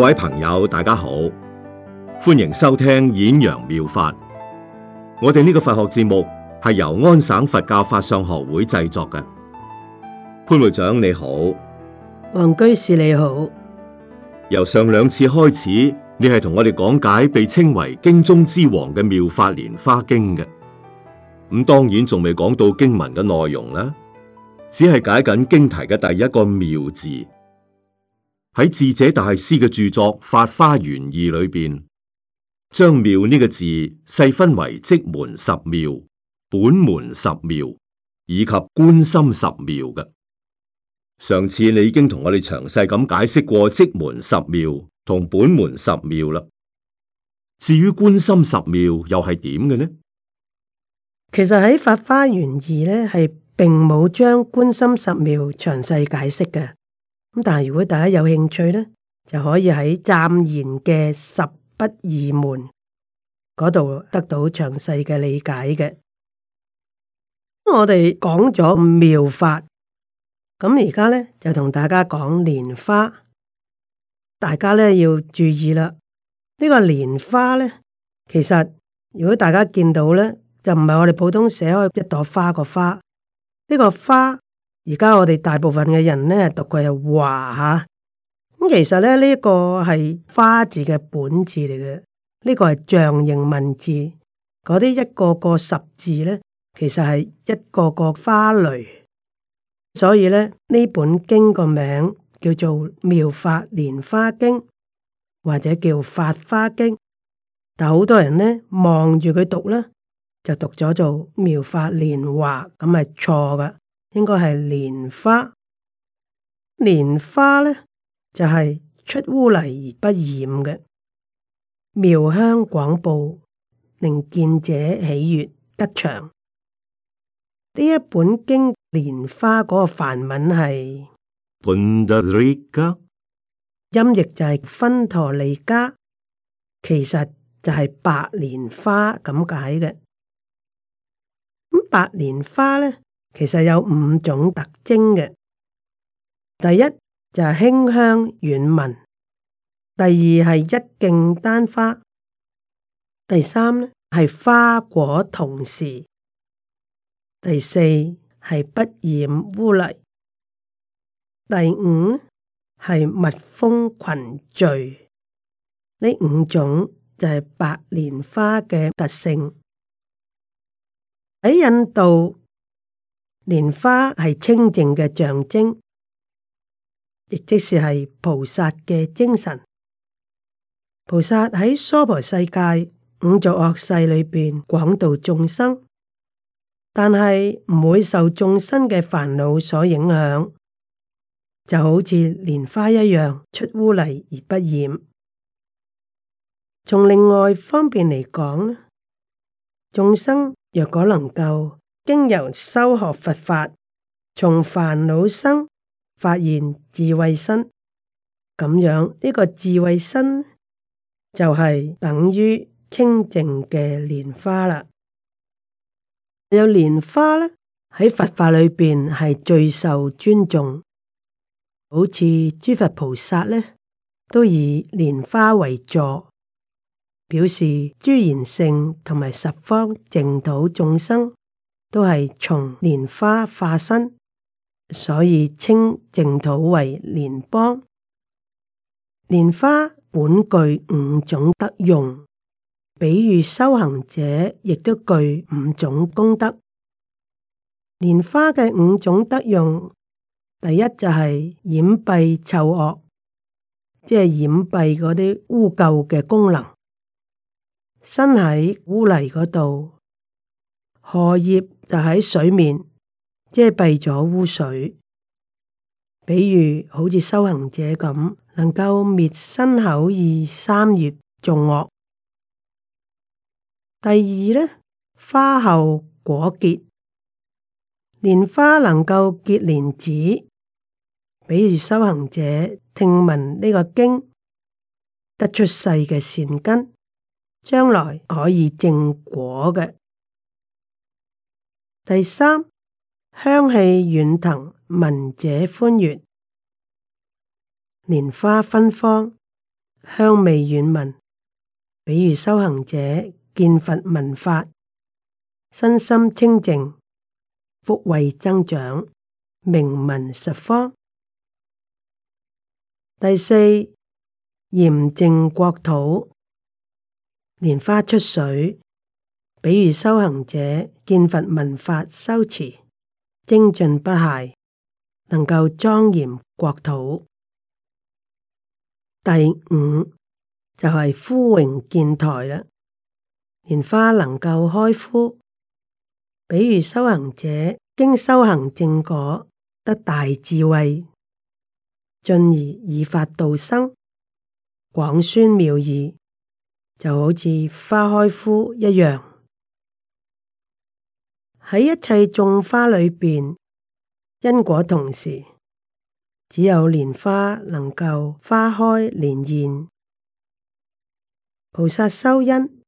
各位朋友，大家好，歡迎收聽演揚妙，妙法。我哋呢個佛學節目係由安省佛教法相學會製作嘅。潘會長你好，黃居士你好。由上兩次開始，你係同我哋講解被稱為經中之王嘅妙法蓮花經嘅。咁當然仲未講到經文嘅內容啦，只係解緊經題嘅第一個妙字。喺智者大師嘅著作《法花緣義》裏邊，將妙呢個字細分為即門十妙、本門十妙以及觀心十妙嘅。上次你已經同我哋詳細咁解釋過即門十妙同本門十妙啦。至於觀心十妙又係點嘅呢？其實喺《法花緣義》呢咧係並冇將觀心十妙詳細解釋嘅。咁但係如果大家有興趣咧，就可以喺湛然嘅十不二門嗰度得到詳細嘅理解嘅。我哋講咗妙法，咁而家咧就同大家講蓮花。大家咧要注意啦，這個、蓮呢個蓮花咧，其實如果大家見到咧，就唔係我哋普通寫開一朵花，花、這個花，呢個花。而家我哋大部分嘅人咧讀佢係華吓，咁其實咧呢一，這個係花字嘅本字嚟嘅，呢，這個係象形文字，嗰啲一個個十字咧，其實係一個個花蕾，所以咧呢本經個名叫做妙法蓮花經，或者叫法花經，但好多人咧望住佢讀啦，就讀咗做妙法蓮華，咁係錯噶。應該係蓮花，蓮花咧就係、是、出污泥而不染嘅，妙香廣布，令見者喜悦吉祥。呢一本經蓮花嗰個梵文係 p u n d 音譯就係芬陀利加，其實就係白蓮花咁解嘅。咁白蓮花咧。其實有五種特徵嘅。第一就係、是、清香遠聞；第二係一莖單花，第三呢係花果同時，第四係不染污泥，第五係蜜蜂群聚。呢五種就係白蓮花嘅特性喺印度。蓮花係清淨嘅象徵，亦即是係菩薩嘅精神。菩薩喺娑婆世界五濁惡世裏邊廣度眾生，但係唔會受眾生嘅煩惱所影響，就好似蓮花一樣出污泥而不染。從另外方面嚟講，眾生若果能夠。經由修學佛法，從煩惱生發現智慧身，咁樣呢、呢個智慧身就係等於清淨嘅蓮花啦。有蓮花咧，喺佛法裏邊係最受尊重，好似諸佛菩薩咧都以蓮花為座，表示諸賢聖同埋十方淨土眾生。都係從蓮花化身，所以稱淨土為蓮邦。蓮花本具五種德用，比如修行者亦都具五種功德。蓮花嘅五種德用，第一就係掩蔽臭惡，即係掩蔽嗰啲污垢嘅功能。身喺污泥嗰度，荷葉。就喺水面遮蔽咗污水，比如好似修行者咁，能夠滅身口意三業仲惡。第二呢，花後果結，蓮花能夠結蓮子，比如修行者聽聞呢個經，得出世嘅善根，將來可以正果嘅。第三，香氣遠騰，聞者歡悅，蓮花芬芳，香味遠聞。比如修行者見佛聞法，身心清淨，福慧增長，名聞十方。第四，嚴淨國土，蓮花出水。比如修行者見佛聞法，修持精進不懈，能夠莊嚴國土。第五就係敷榮建台啦，蓮花能夠開敷。比如修行者經修行正果，得大智慧，進而以法度生，廣宣妙義，就好似花開敷一樣。喺一切眾花裏邊，因果同時，只有蓮花能夠花開蓮現。菩薩修因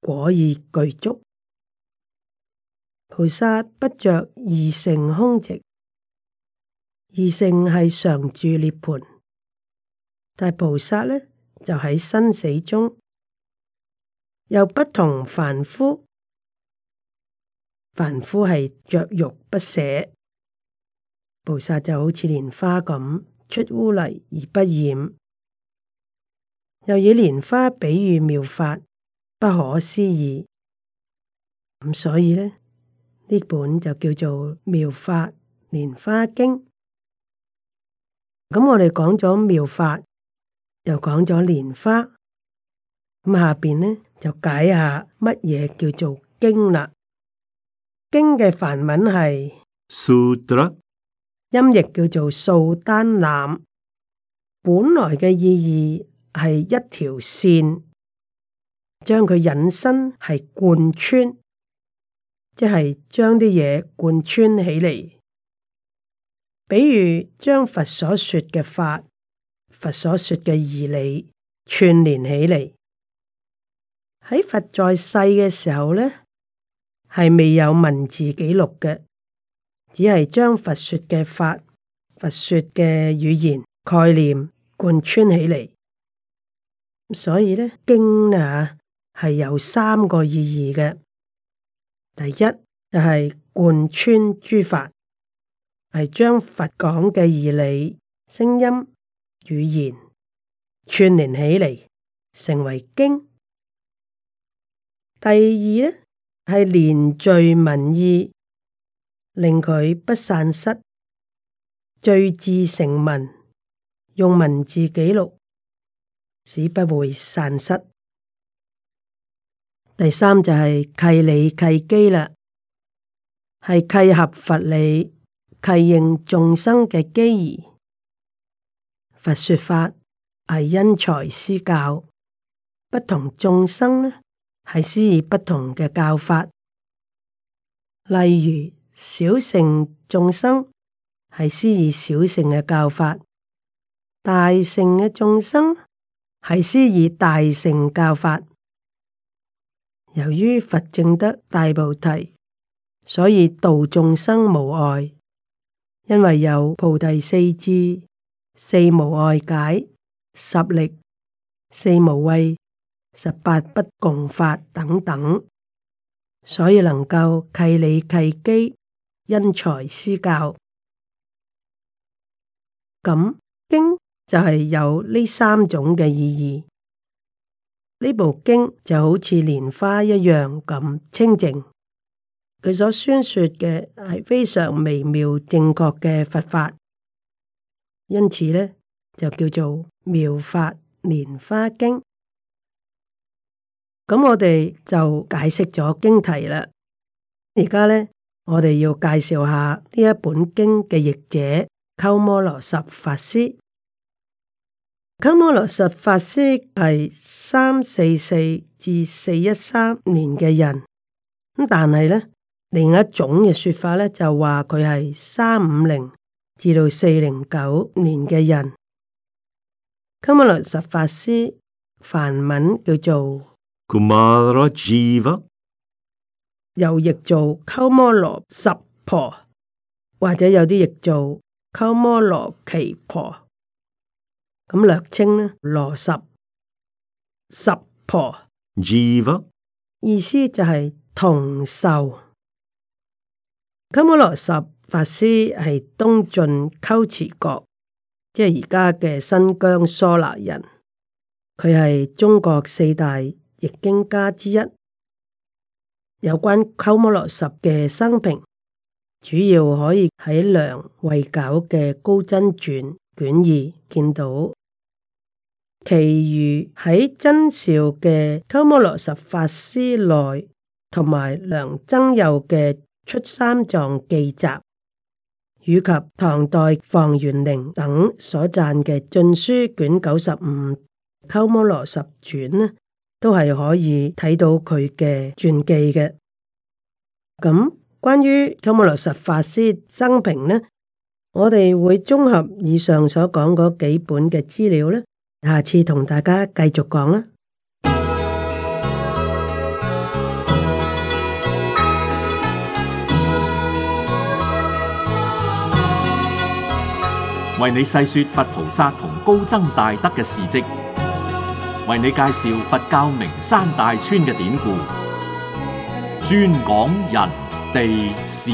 果而具足，菩薩不着二乘空寂，二乘係常住涅盤，但菩薩呢，就喺生死中，又不同凡夫。凡夫係着欲不捨，菩薩就好似蓮花咁出污泥而不染。又以蓮花比喻妙法，不可思議。咁所以呢，呢本就叫做《妙法蓮華經》。咁我哋講咗妙法，又講咗蓮花。咁下邊呢就解下乜嘢叫做經啦。經嘅梵文係 ū 音譯叫做數單覽。本來嘅意義係一條線，將佢引申係貫穿，即係將啲嘢貫穿起嚟。比如將佛所說嘅法、佛所說嘅義理串聯起嚟。喺佛在世嘅時候咧，係未有文字記錄嘅，只係將佛說嘅法、佛說嘅語言概念貫穿起嚟，所以呢經啊係有三個意義嘅。第一就係、是、貫穿諸法，係將佛講嘅義理、聲音、語言串聯起嚟，成為經。第二呢。係連綴文意，令佢不散失；聚字成文，用文字記錄，使不會散失。第三就係、是、契理契機啦，係契合佛理，契應眾生嘅機宜。佛說法係因材施教，不同眾生呢？係施以不同嘅教法，例如小乘眾生係施以小乘嘅教法，大乘嘅眾生係施以大乘教法。由於佛證得大菩提，所以度眾生無礙，因為有菩提四智、四無礙解、十力、四無畏。十八不共法等等，所以能夠契理契機，因材施教。咁經就係有呢三種嘅意義。呢部經就好似蓮花一樣咁清淨，佢所宣說嘅係非常微妙正確嘅佛法，因此咧就叫做妙法蓮花經。咁我哋就解釋咗經題啦。而家咧，我哋要介紹下呢一本經嘅譯者，鳩摩羅什法師。鳩摩羅什法師係三四四至四一三年嘅人。咁但係咧，另一種嘅說法咧就話佢係三五零至到四零九年嘅人。鳩摩羅什法師，梵文叫做。又譯做鳩摩羅十婆，或者有啲譯做鳩摩羅奇婆，咁略稱呢羅十十婆。意思就係童壽。鳩摩羅十法師係東晉龜茲國，即係而家嘅新疆疏勒人，佢係中國四大。譯經家之一，有關鳩摩羅什嘅生平，主要可以喺梁慧皎嘅《高僧傳》卷二見到。其餘喺僧肇嘅《鳩摩羅什法師內》同埋梁僧祐嘅《出三藏記集》，以及唐代房玄齡等所撰嘅《晉書卷九十五鳩摩羅什傳》都係可以睇到佢嘅傳記嘅。咁關於鳩摩羅什法師生平呢，我哋會綜合以上所講嗰幾本嘅資料呢，下次同大家繼續講啦。為你細說佛菩薩同高僧大德嘅事跡。為你介紹佛教名山大川嘅典故，專講人地事。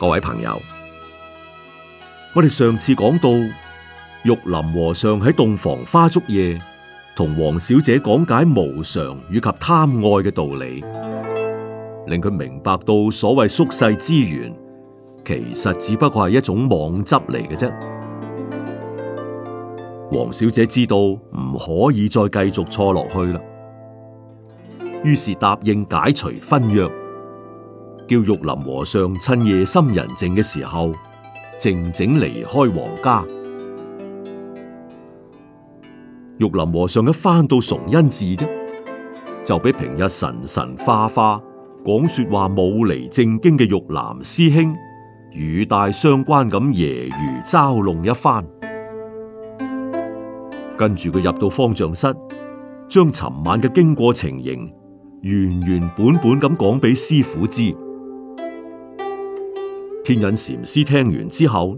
各位朋友，我哋上次講到玉林和尚喺洞房花燭夜同黃小姐講解無常以及貪愛嘅道理。令佢明白到所謂宿世資源，其實只不過係一種妄執嚟嘅啫。黃小姐知道唔可以再繼續錯落去啦，於是答應解除婚約，叫玉林和尚趁夜深人靜嘅時候，靜靜離開黃家。玉林和尚一返到崇恩寺啫，就比平日神神化化。講說話冇嚟正經嘅玉林師兄，語帶相關咁揶揄嘲弄一番。跟住佢入到方丈室，將尋晚嘅經過情形原原本本咁講俾師父知。天隱禪師聽完之後，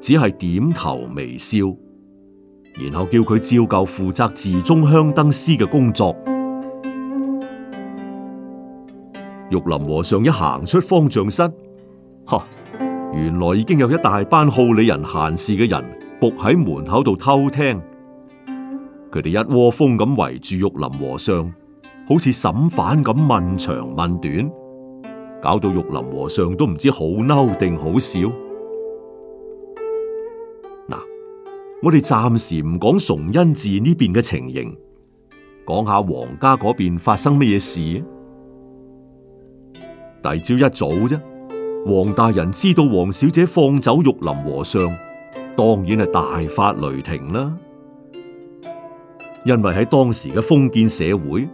只係點頭微笑，然後叫佢照舊負責寺中香燈師嘅工作。玉林和尚一行出方丈室，哈，原來已經有一大班好理人閒事嘅人伏喺門口度偷聽，佢哋一窩蜂咁圍住玉林和尚，好似審犯咁問長問短，搞到玉林和尚都唔知好嬲定好笑。嗱，我哋暫時唔講崇恩寺呢邊嘅情形，講下皇家嗰邊發生咩嘢事！第二朝一早啫，黃大人知道黃小姐放走玉林和尚，當然係大發雷霆啦。因為喺當時嘅封建社會，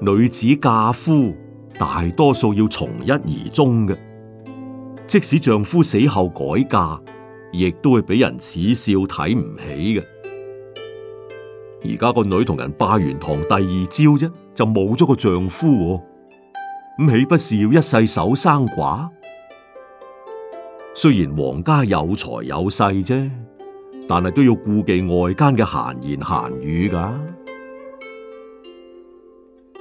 女子嫁夫大多數要從一而終嘅，即使丈夫死後改嫁，亦都會俾人恥笑睇唔起嘅。而家個女同人拜完堂第二朝啫，就冇咗個丈夫。咁豈不是要一世守生寡？雖然皇家有財有勢啫，但係都要顧忌外間嘅閒言閒語噶。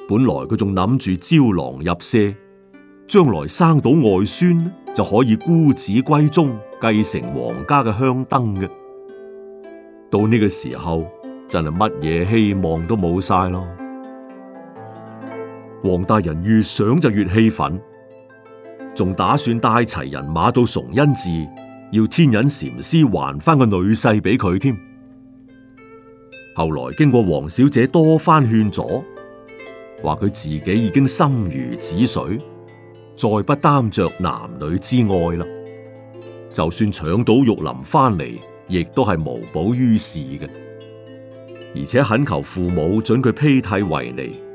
本來佢仲諗住招郎入舍，將來生到外孫，就可以孤子歸宗，繼承皇家嘅香燈嘅。到呢個時候，真係乜嘢希望都冇晒咯。黃大人越想就越氣憤，仲打算帶齊人馬到崇恩寺，要天隱禪師還翻個女婿俾佢添。後來經過黃小姐多番勸阻，話佢自己已經心如止水，再不擔着男女之愛啦。就算搶到玉林翻嚟，亦都係無補於事嘅。而且懇求父母准佢披剃為尼。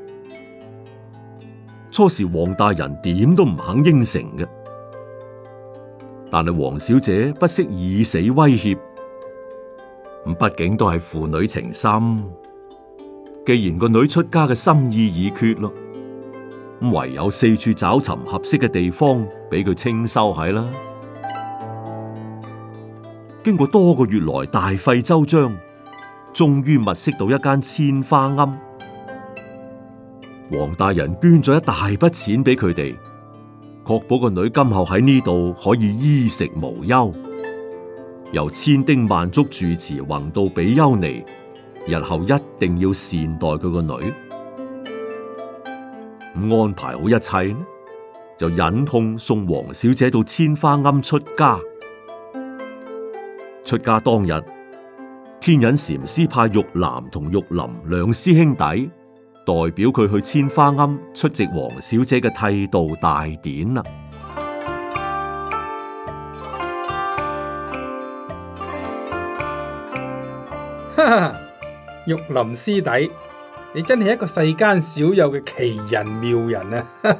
初時，黃大人點都唔肯應承嘅。但係黃小姐不惜以死威脅，咁畢竟都係父女情深。既然個女出家嘅心意已決咯，唯有四處找尋合適嘅地方俾佢清修喺啦。經過多個月來大費周章，終於物色到一間千華庵。王大人捐咗一大筆錢俾佢哋，確保個女今後喺呢度可以衣食無憂。由千叮萬囑住持弘道比丘尼，日後一定要善待佢個、個女。安排好一切，就忍痛送王小姐到千花庵出家。出家當日，天隱禪師派玉蘭同玉林兩師兄弟。代表佢去千花庵出席王小姐嘅剃度大典啦！哈哈， 玉林師弟，你真係一個世間少有嘅奇人妙人啊！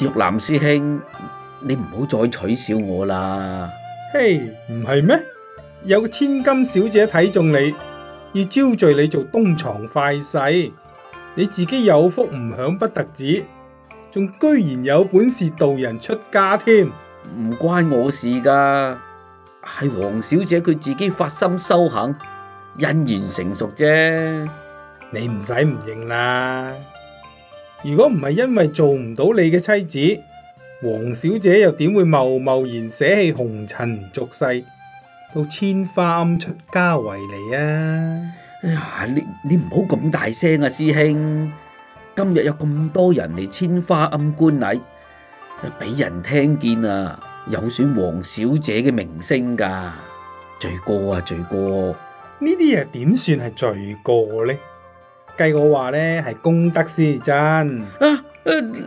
玉林師兄，你唔好再取笑我啦！嘿，唔係咩？有個千金小姐睇中你，要招贅你做東床快婿。你自己有福唔享不特止，仲居然有本事度人出家添。唔關我事噶，係王小姐佢自己發心修行，因緣成熟啫。你唔使唔認啦。如果唔係因為做唔到你嘅妻子，王小姐又點會貿貿然捨棄紅塵俗世，到千花庵出家為尼啊？哎呀，你你唔好咁大聲啊，師兄！今日有咁多人嚟千華庵觀禮，俾人聽見啊，有損黃小姐嘅名聲噶，罪過啊罪過！呢啲嘢點算係罪過呢？計我話呢係功德事真啊！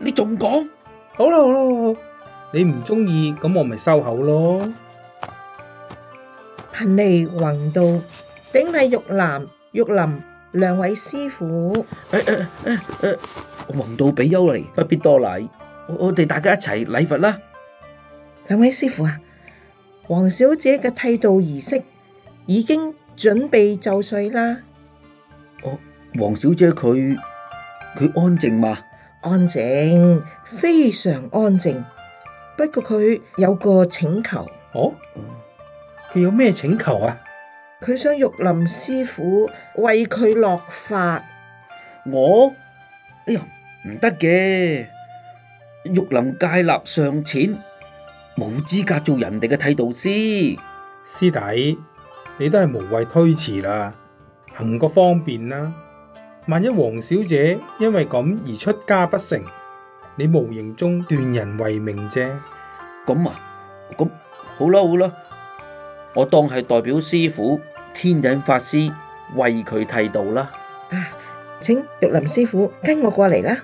你仲講好啦好啦，你唔中意咁我咪收口咯。貧尼云道，頂禮玉林。玉林，兩位師傅，誒誒誒誒，黃、哎、道、哎哎、比丘尼，不必多禮。我哋大家一齊禮佛啦。兩位師傅啊，黃小姐嘅剃度儀式已經準備就緒啦。我黃、哦、小姐佢佢安靜嗎？安靜，非常安靜。不過佢有個請求。哦，佢有咩請求啊？佢想玉林師傅為佢落髮，我，哎呀，唔得嘅。玉林戒臘尚淺，冇資格做人哋嘅剃度師。師弟，你都係無謂推辭啦，行個方便啦。萬一黃小姐因為咁而出家不成，你無形中斷人慧命啫。咁啊，咁好啦好啦，我當係代表師傅。天隱法師為佢剃度啦！啊，請玉林師傅跟我過嚟啦！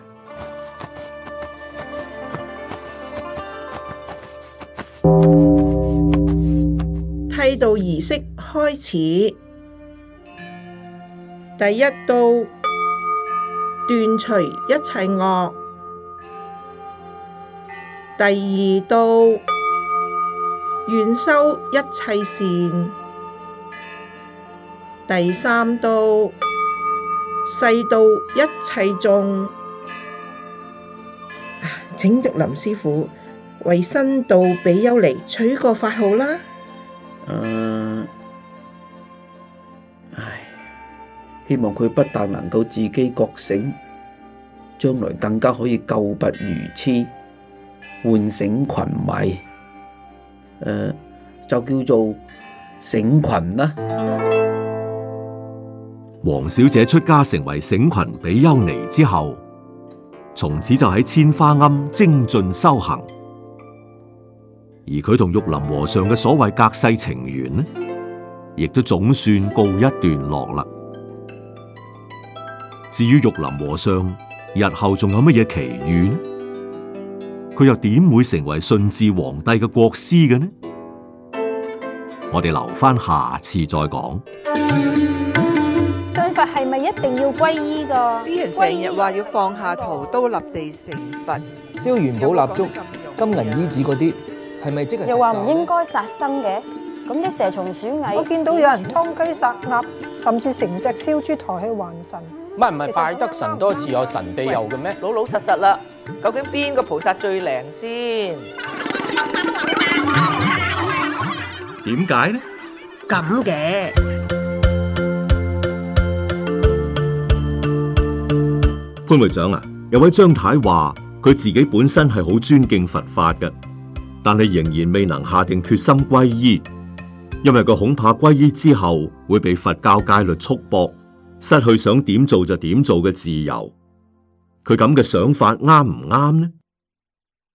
剃度儀式開始，第一刀斷除一切惡，第二刀願修一切善。第三刀，誓度一切眾。啊，請玉林師父為新道比丘尼取個法號啦。呃、唉，希望佢不但能夠自己覺醒，將來更加可以救拔如痴，喚醒群迷，呃。就叫做醒群啦。黃小姐出家成為醒群比丘尼之後，從此就喺千華庵精進修行。而佢同玉林和尚嘅所謂隔世情緣呢，亦都總算告一段落啦。至於玉林和尚日後仲有乜嘢奇遇呢？佢又點會成為順治皇帝嘅國師嘅呢？我哋留翻下次再講。係咪一定要皈依噶？啲人成日話要放下屠刀立地成佛，燒元寶蠟燭、金銀衣紙嗰啲，係咪即係？又話唔應該殺生嘅，咁啲蛇蟲鼠蟻，我見到有人劏雞殺鴨，甚至成隻燒豬抬去還神。唔係唔係，拜得神多自有神庇佑嘅咩？老老實實啦，究竟邊個菩薩最靈先？點解呢？咁嘅。潘會長啊，有位張太話佢自己本身係好尊敬佛法嘅，但係仍然未能下定決心皈依，因為佢恐怕皈依之後會被佛教戒律束縛，失去想點做就點做嘅自由。佢咁嘅想法啱唔啱呢？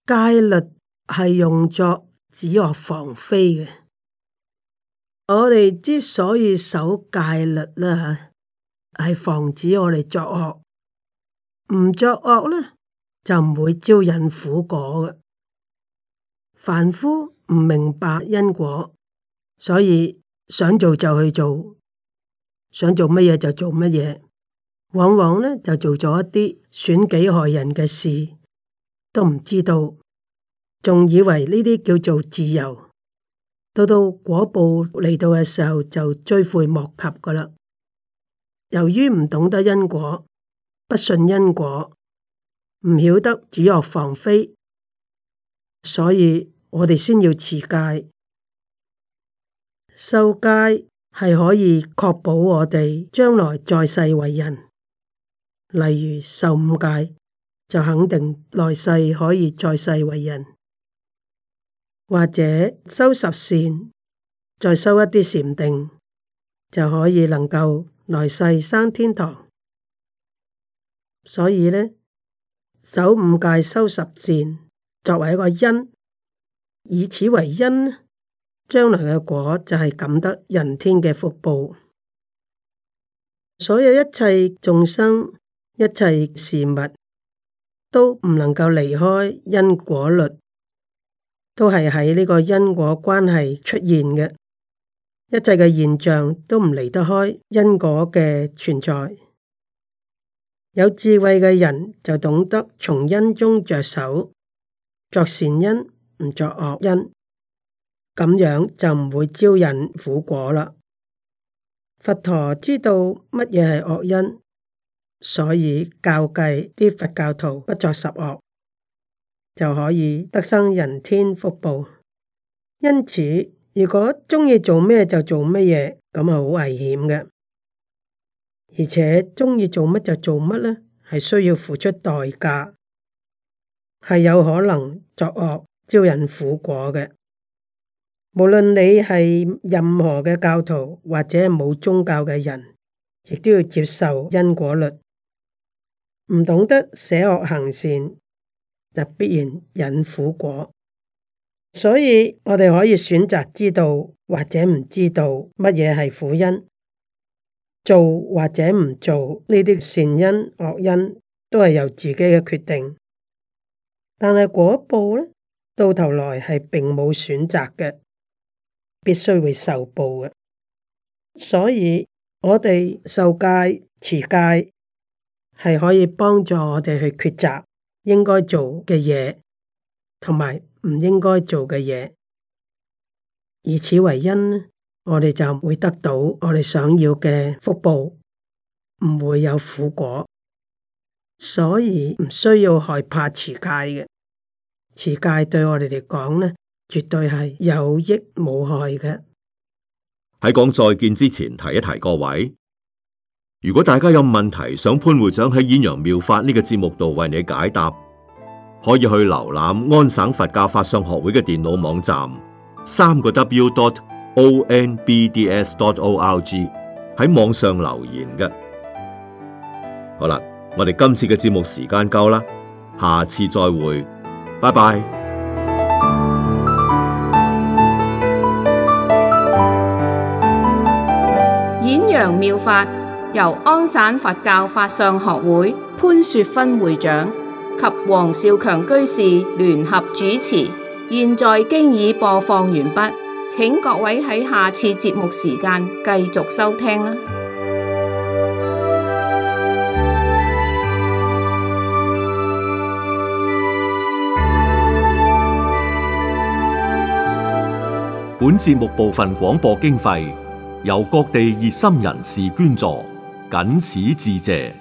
戒律係用作止惡防非嘅，我哋之所以守戒律啦，係防止我哋作惡。唔作惡咧，就唔會招引苦果嘅。凡夫唔明白因果，所以想做就去做，想做乜嘢就做乜嘢，往往咧，就做咗一啲損己害人嘅事，都唔知道，仲以為呢啲叫做自由。到到果報嚟到嘅時候，就追悔莫及㗎喇。由於唔懂得因果。不信因果，唔曉得如何防非，所以我哋先要持戒。修戒係可以確保我哋將來在世為人，例如受五戒，就肯定來世可以在世為人，或者修十善，再修一啲禪定，就可以能夠來世生天堂。所以呢，守五戒、修十善，作為一個因，以此為因，將來嘅果就係感得人天嘅福報。所有一切眾生、一切事物都唔能夠離開因果律，都係喺呢個因果關係出現嘅。一切嘅現象都唔離得開因果嘅存在。有智慧嘅人就懂得從因中着手，作善因唔作惡因，咁樣就唔會招引苦果啦。佛陀知道乜嘢係惡因，所以教計啲佛教徒不作十惡，就可以得生人天福報。因此，如果鍾意做咩就做乜嘢，咁係好危險嘅。而且中意做乜就做乜呢？係需要付出代價，係有可能作惡招引苦果嘅。無論你係任何嘅教徒或者冇宗教嘅人，亦都要接受因果律。唔懂得捨惡行善，就必然引苦果。所以我哋可以選擇知道或者唔知道乜嘢係苦因。做或者唔做呢啲善因惡因，都係由自己嘅決定。但係果報咧，到頭來係並冇選擇嘅，必須會受報嘅。所以我哋受戒持戒係可以幫助我哋去抉擇應該做嘅嘢，同埋唔應該做嘅嘢，以此為因呢我哋就唔會得到我哋想要嘅福報，唔會有苦果，所以唔需要害怕持戒嘅。持戒對我哋嚟講咧，絕對係有益無害嘅。喺講再見之前，提一提各位，如果大家有問題想潘會長喺《演揚妙法》呢、這個節目度為你解答，可以去瀏覽安省佛教法相學會嘅電腦網站，三個 W dot。Onbds.org 喺網上留言嘅。好啦，我哋今次嘅節目時間夠啦，下次再會，拜拜。演揚妙法由安省佛教法相學會潘雪芬會長及黃少強居士聯合主持，現在經已播放完畢。請各位喺下次節目時間繼續收聽啦。本節目部分廣播經費由各地熱心人士捐助，謹此致謝。